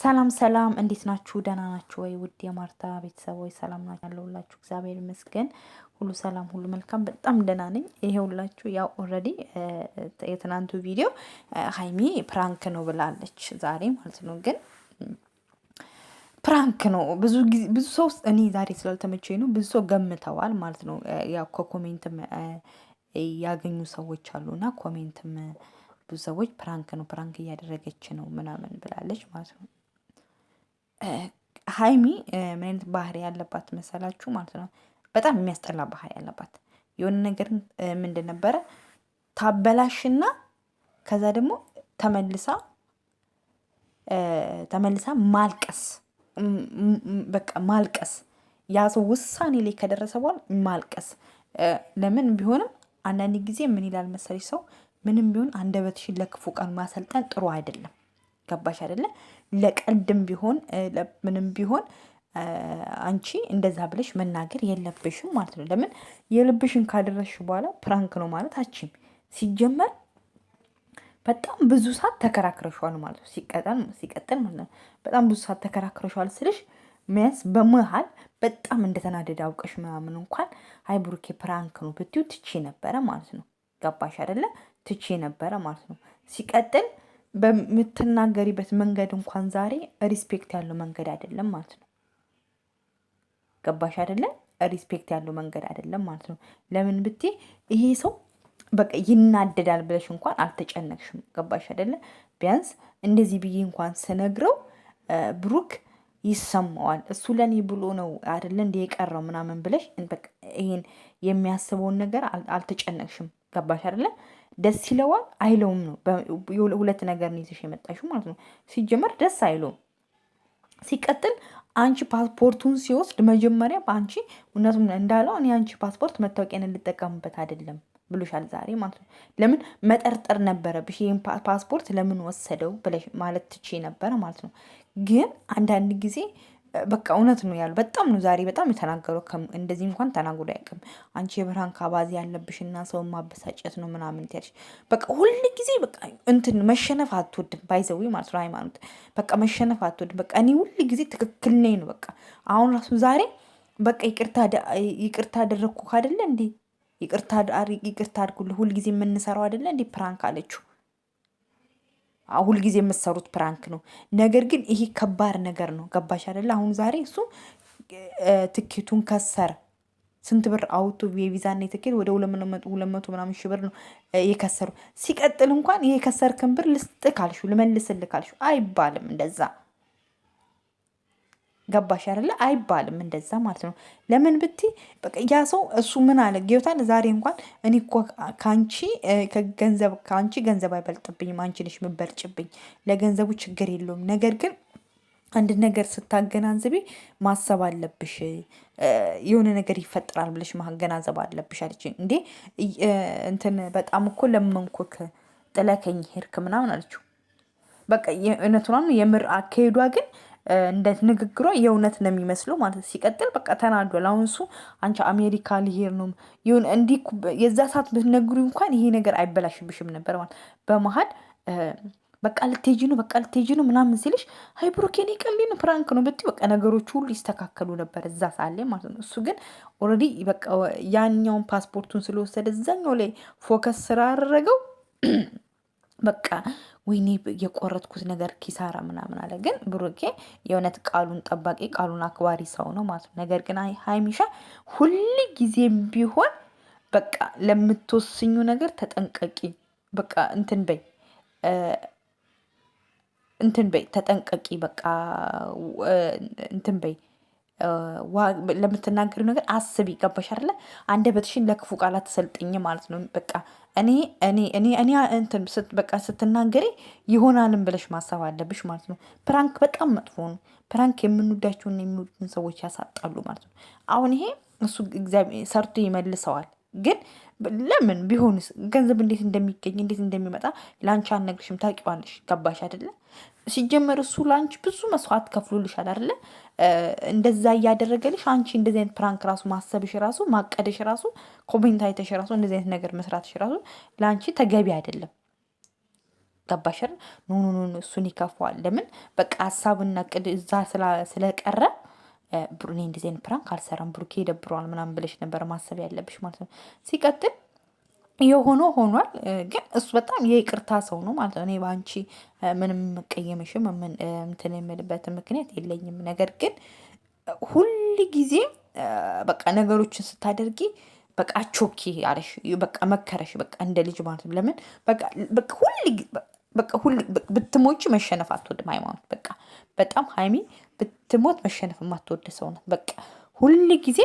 ሰላም ሰላም፣ እንዴት ናችሁ? ደህና ናችሁ ወይ? ውድ የማርታ ቤተሰቦች ሰላም ናችሁ? ያለሁላችሁ እግዚአብሔር ይመስገን፣ ሁሉ ሰላም፣ ሁሉ መልካም። በጣም ደህና ነኝ። ይሄ ሁላችሁ ያው ኦልሬዲ የትናንቱ ቪዲዮ ሀይሚ ፕራንክ ነው ብላለች ዛሬ ማለት ነው። ግን ፕራንክ ነው ብዙ ጊዜ ብዙ ሰው እኔ ዛሬ ስላልተመቸኝ ነው ብዙ ሰው ገምተዋል ማለት ነው። ያው ከኮሜንትም ያገኙ ሰዎች አሉና ኮሜንትም ብዙ ሰዎች ፕራንክ ነው ፕራንክ እያደረገች ነው ምናምን ብላለች ማለት ነው። ሀይሚ ምን አይነት ባህሪ ያለባት መሰላችሁ ማለት ነው። በጣም የሚያስጠላ ባህሪ ያለባት የሆነ ነገር ምንድን ነበረ ታበላሽና ከዛ ደግሞ ተመልሳ ተመልሳ ማልቀስ በቃ ማልቀስ ያ ሰው ውሳኔ ላይ ከደረሰ በኋላ ማልቀስ። ለምን ቢሆንም አንዳንድ ጊዜ ምን ይላል መሰለሽ ሰው ምንም ቢሆን አንደበትሽን ለክፉ ቃል ማሰልጠን ጥሩ አይደለም። ገባሽ አይደለም? ለቀልድም ቢሆን ምንም ቢሆን አንቺ እንደዛ ብለሽ መናገር የለብሽም ማለት ነው። ለምን የልብሽን ካደረሽ በኋላ ፕራንክ ነው ማለት አችም ሲጀመር በጣም ብዙ ሰዓት ተከራክረሸዋል ማለት ነው። ሲቀጠል ሲቀጥል ማለት ነው በጣም ብዙ ሰዓት ተከራክረሸዋል ስልሽ ሚያንስ በመሃል በጣም እንደተናደደ አውቀሽ ምናምን እንኳን አይ ብሩኬ ፕራንክ ነው ብትዩ ትቼ ነበረ ማለት ነው። ገባሽ አይደለ? ትቼ ነበረ ማለት ነው። ሲቀጥል በምትናገሪበት መንገድ እንኳን ዛሬ ሪስፔክት ያለው መንገድ አይደለም ማለት ነው። ገባሽ አይደለ? ሪስፔክት ያለው መንገድ አይደለም ማለት ነው። ለምን ብቴ ይሄ ሰው በቃ ይናደዳል ብለሽ እንኳን አልተጨነቅሽም። ገባሽ አይደለ? ቢያንስ እንደዚህ ብዬ እንኳን ስነግረው ብሩክ ይሰማዋል። እሱ ለእኔ ብሎ ነው አይደለ እንደ የቀረው ምናምን ብለሽ ይሄን የሚያስበውን ነገር አልተጨነቅሽም። ገባሽ አይደለ? ደስ ይለዋል አይለውም ነው ሁለት ነገር ነው ይዘሽ የመጣሽው ማለት ነው። ሲጀመር ደስ አይለውም። ሲቀጥል አንቺ ፓስፖርቱን ሲወስድ መጀመሪያ በአንቺ እውነቱን እንዳለው እኔ አንቺ ፓስፖርት መታወቂያን ልጠቀምበት አይደለም ብሎሻል ዛሬ ማለት ነው። ለምን መጠርጠር ነበረብሽ ይህን ፓስፖርት ለምን ወሰደው ብለሽ ማለት ትቼ ነበረ ማለት ነው። ግን አንዳንድ ጊዜ በቃ እውነት ነው ያሉ በጣም ነው ዛሬ በጣም የተናገሩ እንደዚህ እንኳን ተናግሮ አያውቅም። አንቺ የብርሃን ካባዜ ያለብሽና ሰው ማበሳጨት ነው ምናምን ያልሽ በቃ ሁል ጊዜ በቃ እንትን መሸነፍ አትወድም፣ ባይዘዊ ማለት ነው ሃይማኖት በቃ መሸነፍ አትወድም። በቃ እኔ ሁል ጊዜ ትክክል ነኝ ነው በቃ አሁን ራሱ ዛሬ በቃ ይቅርታ አደረግኩ አደለ እንዴ ይቅርታ አድርጉልህ ሁል ጊዜ የምንሰራው አደለ እንዴ ፕራንክ አለችው። ሁልጊዜ የምትሰሩት ፕራንክ ነው። ነገር ግን ይሄ ከባድ ነገር ነው። ገባሽ አይደለ? አሁን ዛሬ እሱ ትኬቱን ከሰረ። ስንት ብር አውቶ የቪዛና የትኬት ወደ ሁለት መቶ ምናምን ሺህ ብር ነው የከሰሩ። ሲቀጥል እንኳን ይሄ የከሰርክን ብር ልስጥ ካልሹ ልመልስልህ ካልሹ አይባልም እንደዛ ገባሽ አይደለ? አይባልም እንደዛ ማለት ነው። ለምን ብቲ ያ ሰው እሱ ምን አለ ጌታን ዛሬ እንኳን እኔ እኮ ከአንቺ ከገንዘብ ከአንቺ ገንዘብ አይበልጥብኝም፣ አንቺ ነሽ የምበልጭብኝ። ለገንዘቡ ችግር የለውም። ነገር ግን አንድ ነገር ስታገናዝቤ ማሰብ አለብሽ። የሆነ ነገር ይፈጠራል ብለሽ ማገናዘብ አለብሽ አለች። እንዴ እንትን በጣም እኮ ለመንኮክ ጥለከኝ ሄድክ ምናምን አለችው። በቃ እውነቱን የምር አካሄዷ ግን እንደ ንግግሯ የእውነት ነው የሚመስለው ማለት ሲቀጥል፣ በቃ ተናዷል። አሁን እሱ አንቺ አሜሪካ ልሄድ ነው ይሁን እንዲህ የዛ ሰዓት ብትነግሩ እንኳን ይሄ ነገር አይበላሽብሽም ነበር ማለት በመሀል በቃ ልትሄጂ ነው በቃ ልትሄጂ ነው ምናምን ሲልሽ አይ ብሩኬ እኔ ፕራንክ ነው ብትይ በቃ ነገሮች ሁሉ ይስተካከሉ ነበር እዛ ሳለ ማለት ነው። እሱ ግን ኦልሬዲ በቃ ያኛውን ፓስፖርቱን ስለወሰደ እዛኛው ላይ ፎከስ ስራ አደረገው። በቃ ወይኔ የቆረጥኩት ነገር ኪሳራ ምናምን አለ። ግን ብሩኬ የእውነት ቃሉን ጠባቂ ቃሉን አክባሪ ሰው ነው ማለት ነው። ነገር ግን ሀይሚሻ ሁል ጊዜም ቢሆን በቃ ለምትወስኙ ነገር ተጠንቀቂ፣ በቃ እንትን በይ እንትን በይ ተጠንቀቂ፣ በቃ እንትን በይ ለምትናገሪው ነገር አስቢ። ገባሽ አይደለ? አንደበትሽን ለክፉ ቃላት ተሰልጥኝ ማለት ነው። በቃ እኔ እኔ እኔ እኔ እንትን በቃ ስትናገሪ ይሆናልን ብለሽ ማሰብ አለብሽ ማለት ነው። ፕራንክ በጣም መጥፎ ነው። ፕራንክ የምንወዳቸውን የሚወዱትን ሰዎች ያሳጣሉ ማለት ነው። አሁን ይሄ እሱ ሰርቶ ይመልሰዋል ግን ለምን ቢሆንስ ገንዘብ እንዴት እንደሚገኝ እንዴት እንደሚመጣ ለአንቺ አልነግርሽም። ታውቂዋለሽ። ገባሽ አይደለ? ሲጀመር እሱ ለአንቺ ብዙ መስዋዕት ከፍሎልሻል አይደለ? እንደዛ እያደረገልሽ አንቺ እንደዚህ አይነት ፕራንክ ራሱ ማሰብሽ ራሱ ማቀደሽ ራሱ ኮሜንት አይተሽ ራሱ እንደዚህ አይነት ነገር መስራትሽ ራሱ ለአንቺ ተገቢ አይደለም። ገባሽር? ኑኑኑን እሱን ይከፋዋል። ለምን በቃ ሀሳብና ቅድ እዛ ስለቀረ ብሩኔ እንደዚህ አይነት ፕራንክ አልሰራም ብሩኬ ይደብረዋል ምናምን ብለሽ ነበር ማሰብ ያለብሽ ማለት ነው ሲቀጥል የሆኖ ሆኗል። ግን እሱ በጣም የይቅርታ ሰው ነው ማለት ነው። እኔ በአንቺ ምንም የምቀየምሽም እንትን የምልበት ምክንያት የለኝም። ነገር ግን ሁል ጊዜ በቃ ነገሮችን ስታደርጊ በቃ አቾኪ አለሽ፣ በቃ መከረሽ፣ በቃ እንደ ልጅ ማለት ነው። ለምን በቃ ሁል ብትሞች መሸነፍ አትወድም ሃይማኖት። በቃ በጣም ሀይሚ ብትሞት መሸነፍ የማትወድ ሰው ናት። በቃ ሁል ጊዜ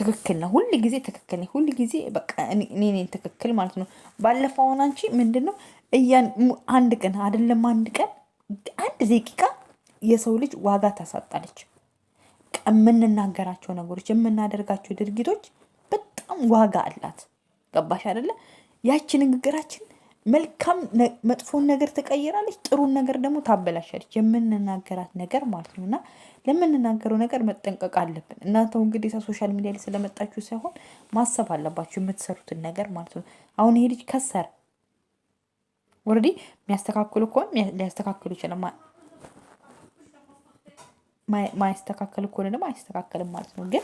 ትክክል ነው። ሁል ጊዜ ትክክል ነኝ። ሁል ጊዜ በቃ እኔ ትክክል ማለት ነው። ባለፈው አሁን አንቺ ምንድን ነው አንድ ቀን አይደለም አንድ ቀን አንድ ደቂቃ የሰው ልጅ ዋጋ ታሳጣለች። የምንናገራቸው ነገሮች፣ የምናደርጋቸው ድርጊቶች በጣም ዋጋ አላት። ገባሽ አይደለ? ያቺ ንግግራችን መልካም መጥፎን ነገር ትቀይራለች፣ ጥሩን ነገር ደግሞ ታበላሻለች። የምንናገራት ነገር ማለት ነው እና ለምንናገረው ነገር መጠንቀቅ አለብን። እናንተው እንግዲህ ሶሻል ሚዲያ ላይ ስለመጣችሁ ሳይሆን ማሰብ አለባችሁ የምትሰሩትን ነገር ማለት ነው። አሁን ይሄ ልጅ ከሰር ወረዲ የሚያስተካክሉ ከሆነ ሊያስተካክሉ ይችላል። ማያስተካከል ከሆነ ደግሞ አይስተካከልም ማለት ነው ግን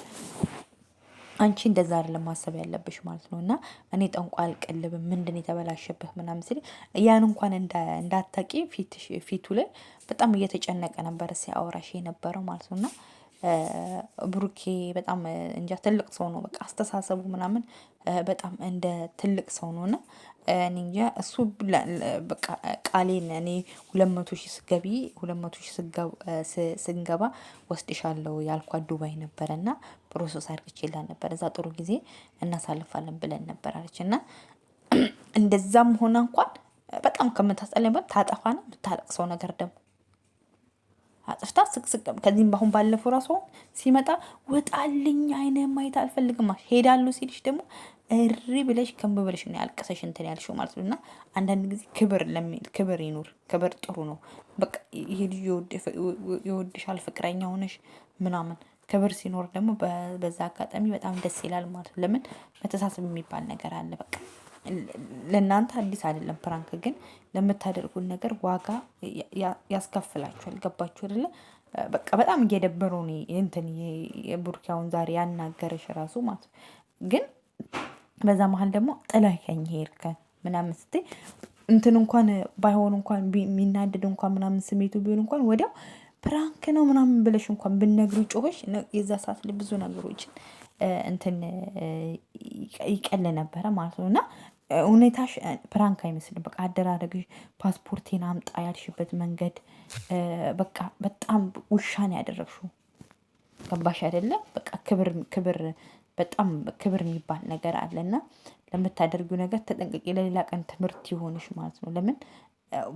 አንቺ እንደዛ አይደለም ማሰብ ያለብሽ ማለት ነው። እና እኔ ጠንቋ አልቀልብ ምንድን የተበላሸብህ ምናምን ስል ያን እንኳን እንዳታቂ ፊቱ ላይ በጣም እየተጨነቀ ነበረ ሲያወራሽ የነበረው ማለት ነው እና ብሩኬ በጣም እንጃ ትልቅ ሰው ነው። በቃ አስተሳሰቡ ምናምን በጣም እንደ ትልቅ ሰው ነው እና እኔ እንጃ እሱ ቃሌን እኔ ሁለት መቶ ሺህ ስገቢ ሁለት መቶ ሺህ ስንገባ ወስድሻለሁ ያልኳ ዱባይ ነበረ እና ፕሮሰስ አድርግቼላ ነበር እዛ ጥሩ ጊዜ እናሳልፋለን ብለን ነበር አለች እና እንደዛም ሆነ እንኳን በጣም ከምታስጠላኝ ነው የምታለቅሰው ነገር ደግሞ አጥፍታ ስቅስቅ ከዚህም በአሁን ባለፈው ራሱ አሁን ሲመጣ ወጣልኝ፣ አይነ ማየት አልፈልግም ሄዳሉ ሲልሽ ደግሞ እሪ ብለሽ ከንብ ብለሽ ነው ያልቀሰሽ እንትን ያልሽው ማለት ነው። እና አንዳንድ ጊዜ ክብር ለሚል ክብር ይኑር። ክብር ጥሩ ነው። በቃ ይሄ ልጅ የወድሻል ፍቅረኛ ሆነሽ ምናምን ክብር ሲኖር ደግሞ በዛ አጋጣሚ በጣም ደስ ይላል ማለት ነው። ለምን መተሳሰብ የሚባል ነገር አለ በቃ ለእናንተ አዲስ አይደለም ፕራንክ፣ ግን ለምታደርጉን ነገር ዋጋ ያስከፍላችኋል። ገባችሁ አይደለ? በቃ በጣም እየደበረው እንትን የቡርኪያውን ዛሬ ያናገረሽ ራሱ ማለት ግን በዛ መሀል ደግሞ ጥለኸኝ ሄድከ ምናምን ስትይ እንትን እንኳን ባይሆን እንኳን የሚናደድ እንኳን ምናምን ስሜቱ ቢሆን እንኳን ወዲያው ፕራንክ ነው ምናምን ብለሽ እንኳን ብነግሩ ጮኸሽ የዛ ሰዓት ላይ ብዙ ነገሮችን እንትን ይቀል ነበረ ማለት ነው እና ሁኔታሽ ፕራንክ አይመስልም። በቃ አደራረግሽ፣ ፓስፖርቴን አምጣ ያልሽበት መንገድ በቃ በጣም ውሻን ያደረግሽው ገባሽ አይደለም? በቃ ክብር ክብር በጣም ክብር የሚባል ነገር አለ እና ለምታደርጊው ነገር ተጠንቀቂ። ለሌላ ቀን ትምህርት ይሆንሽ ማለት ነው። ለምን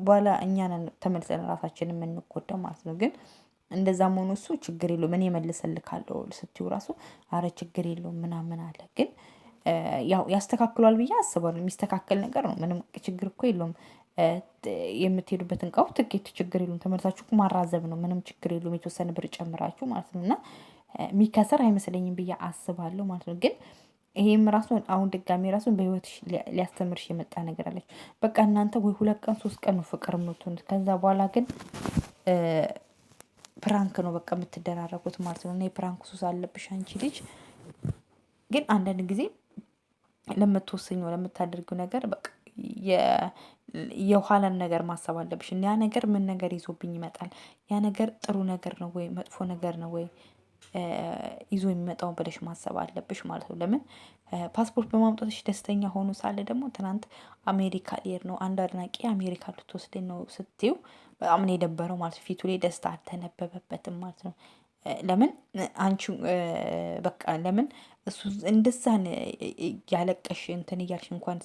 በኋላ እኛን ተመልሰን ራሳችን የምንጎዳው ማለት ነው። ግን እንደዛ መሆኑ እሱ ችግር የለውም እኔ መልሰልካለሁ ስትይው ራሱ አረ ችግር የለውም ምናምን አለ ግን ያው ያስተካክሏል ብዬ አስባለሁ። የሚስተካከል ነገር ነው። ምንም ችግር እኮ የለውም። የምትሄዱበት እንቃው ትኬት ችግር የለም ትምህርታችሁ ማራዘብ ነው። ምንም ችግር የለም የተወሰነ ብር ጨምራችሁ ማለት ነው እና የሚከሰር አይመስለኝም ብዬ አስባለሁ ማለት ነው። ግን ይሄም ራሱ አሁን ድጋሚ ራሱን በህይወት ሊያስተምርሽ የመጣ ነገር አለች። በቃ እናንተ ወይ ሁለት ቀን ሶስት ቀን ነው ፍቅር የምትሆኑት ከዛ በኋላ ግን ፕራንክ ነው በቃ የምትደራረጉት ማለት ነው። እና የፕራንክ ሱስ አለብሽ አንቺ ልጅ። ግን አንዳንድ ጊዜ ለምትወስኘው ለምታደርጊው ነገር በቃ የኋላን ነገር ማሰብ አለብሽ። ያ ነገር ምን ነገር ይዞብኝ ይመጣል? ያ ነገር ጥሩ ነገር ነው ወይ መጥፎ ነገር ነው ወይ ይዞ የሚመጣውን ብለሽ ማሰብ አለብሽ ማለት ነው። ለምን ፓስፖርት በማምጣትሽ ደስተኛ ሆኖ ሳለ ደግሞ ትናንት አሜሪካ ልሄድ ነው አንድ አድናቂ አሜሪካ ልትወስደኝ ነው ስትይው በጣም ነው የደበረው ማለት ፊቱ ላይ ደስታ አልተነበበበትም ማለት ነው። ለምን አንቺ በቃ ለምን እሱ እንደዛን ያለቀሽ እንትን እያልሽ እንኳን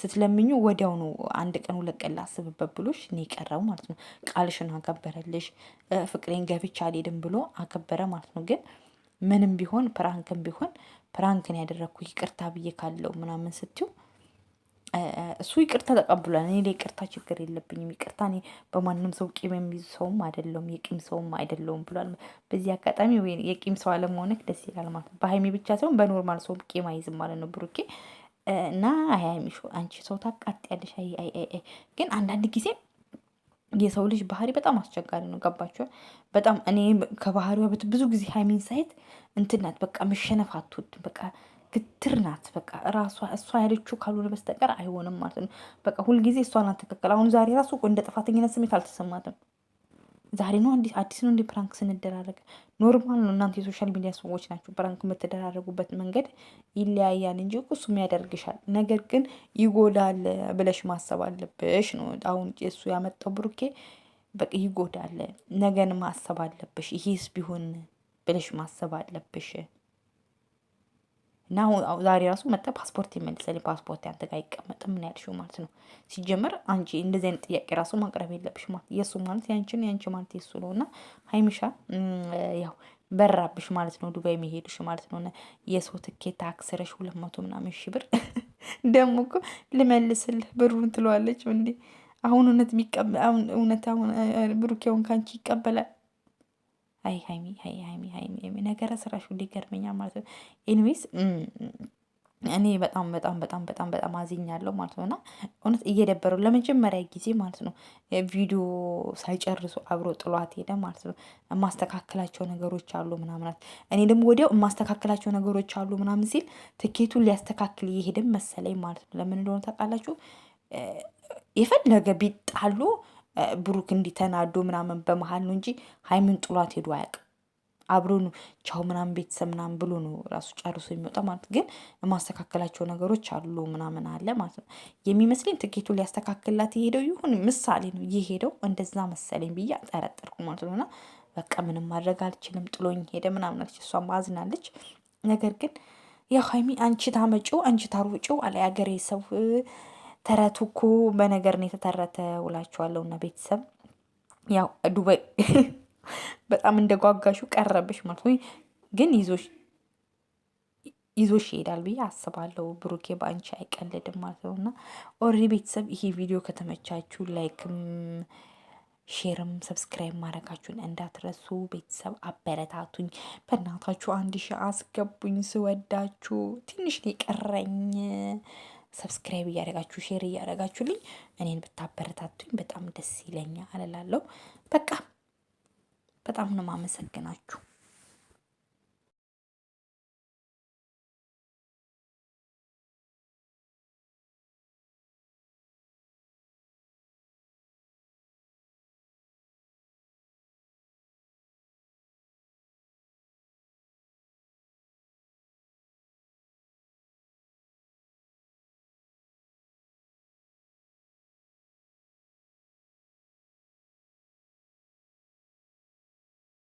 ስትለምኙ ወዲያው ነው አንድ ቀን ሁለት ቀን ላስብበት ብሎሽ እኔ ቀረው ማለት ነው። ቃልሽን አከበረልሽ። ፍቅሬን ገብቻ አልሄድም ብሎ አከበረ ማለት ነው። ግን ምንም ቢሆን ፕራንክም ቢሆን ፕራንክን ያደረግኩ ይቅርታ ብዬ ካለው ምናምን ስትዩ እሱ ይቅርታ ተቀብሏል። እኔ ለይቅርታ ችግር የለብኝም፣ ይቅርታ እኔ በማንም ሰው ቂም የሚይዙ ሰውም አይደለውም፣ የቂም ሰውም አይደለውም ብሏል። በዚህ አጋጣሚ የቂም ሰው አለመሆንህ ደስ ይላል ማለት ነው። በሀይሚ ብቻ ሳይሆን በኖርማል ሰውም ቂም አይዝም ማለት ነው ብሩኬ እና ሀይሚ አንቺ ሰው አይ ግን አንዳንድ ጊዜ የሰው ልጅ ባህሪ በጣም አስቸጋሪ ነው። ገባችኋል? በጣም እኔ በት ብዙ ጊዜ ሀይሚን ሳይት እንትናት በቃ መሸነፍ አትወድም በቃ ግትር ናት። በቃ ራሷ እሷ ያለችው ካልሆነ በስተቀር አይሆንም ማለት ነው። በቃ ሁልጊዜ እሷ ናት ትክክል። አሁን ዛሬ ራሱ እንደ ጥፋተኝነት ስሜት አልተሰማትም። ዛሬ ነው አዲስ ነው እንደ ፕራንክ ስንደራረግ፣ ኖርማል ነው። እናንተ የሶሻል ሚዲያ ሰዎች ናቸው። ፕራንክ የምትደራረጉበት መንገድ ይለያያል እንጂ እሱም ያደርግሻል፣ ነገር ግን ይጎዳል ብለሽ ማሰብ አለብሽ ነው። አሁን እሱ ያመጣው ብሩኬ በቃ ይጎዳል፣ ነገን ማሰብ አለብሽ። ይሄስ ቢሆን ብለሽ ማሰብ አለብሽ። እና አሁን ዛሬ ራሱ መጣ ፓስፖርት ይመልሰል ፓስፖርት ያንተ ጋር አይቀመጥም። ምን ያልሽው ማለት ነው? ሲጀመር አንቺ እንደዚህ አይነት ጥያቄ ራሱ ማቅረብ የለብሽ ማለት የእሱ ማለት ያንቺን ያንቺ ማለት የሱ ነው። እና ሀይሚሻ ያው በራብሽ ማለት ነው። ዱባይ መሄድሽ ማለት ነው። የሰው ትኬት አክስረሽ ሁለት መቶ ምናምን ሺ ብር ደግሞ እኮ ልመልስልህ ብሩን ትለዋለች እንዴ። አሁን እውነት ሚቀበል አሁን እውነት አሁን ብሩኬውን ካንቺ ይቀበላል አይ ሀይሚ ሀይ ሀይሚ ሀይሚ ነገረ ስራሽ ሁሌ ገርመኛ ማለት ነው። ኤኒዌይስ እኔ በጣም በጣም በጣም በጣም በጣም አዝኛለሁ ማለት ነው እና እውነት እየደበረው ለመጀመሪያ ጊዜ ማለት ነው ቪዲዮ ሳይጨርሱ አብሮ ጥሏት ሄደ ማለት ነው። የማስተካከላቸው ነገሮች አሉ ምናምናት እኔ ደግሞ ወዲያው የማስተካከላቸው ነገሮች አሉ ምናምን ሲል ትኬቱን ሊያስተካክል እየሄደም መሰለኝ ማለት ነው። ለምን እንደሆነ ታውቃላችሁ? የፈለገ ቢጣሉ ብሩክ እንዲተናዶ ምናምን በመሀል ነው እንጂ ሀይሚን ጥሏት ሄዶ አያውቅም። አብሮ ነው ቻው ምናምን ቤተሰብ ምናምን ብሎ ነው ራሱ ጨርሶ የሚወጣ ማለት ግን የማስተካከላቸው ነገሮች አሉ ምናምን አለ ማለት ነው የሚመስለኝ። ትኬቱ ሊያስተካክልላት የሄደው ይሁን ምሳሌ ነው የሄደው እንደዛ መሰለኝ ብዬ አጠረጠርኩ ማለት ነው። እና በቃ ምንም ማድረግ አልችልም ጥሎኝ ሄደ ምናምን አለች። እሷም አዝናለች። ነገር ግን ያው ሀይሚ አንቺ ታመጪው አንቺ ታሮጪው አለ የሀገሬ ሰው ተረቱ እኮ በነገር ነው የተተረተ ውላችኋለሁ። እና ቤተሰብ ያው ዱባይ በጣም እንደ ጓጋሹ ቀረብሽ ማለት ወይ ግን ይዞሽ ይዞሽ ይሄዳል ብዬ አስባለሁ። ብሩኬ በአንቺ አይቀልድም ማለት ነው እና ኦልሬዲ ቤተሰብ ይሄ ቪዲዮ ከተመቻችሁ ላይክም ሼርም ሰብስክራይብ ማድረጋችሁን እንዳትረሱ። ቤተሰብ አበረታቱኝ፣ በእናታችሁ አንድ ሺህ አስገቡኝ። ስወዳችሁ ትንሽ ነው የቀረኝ። ሰብስክራይብ እያደረጋችሁ ሼር እያደረጋችሁልኝ እኔን ብታበረታቱኝ በጣም ደስ ይለኛል እላለሁ። በቃ በጣም ነው ማመሰግናችሁ።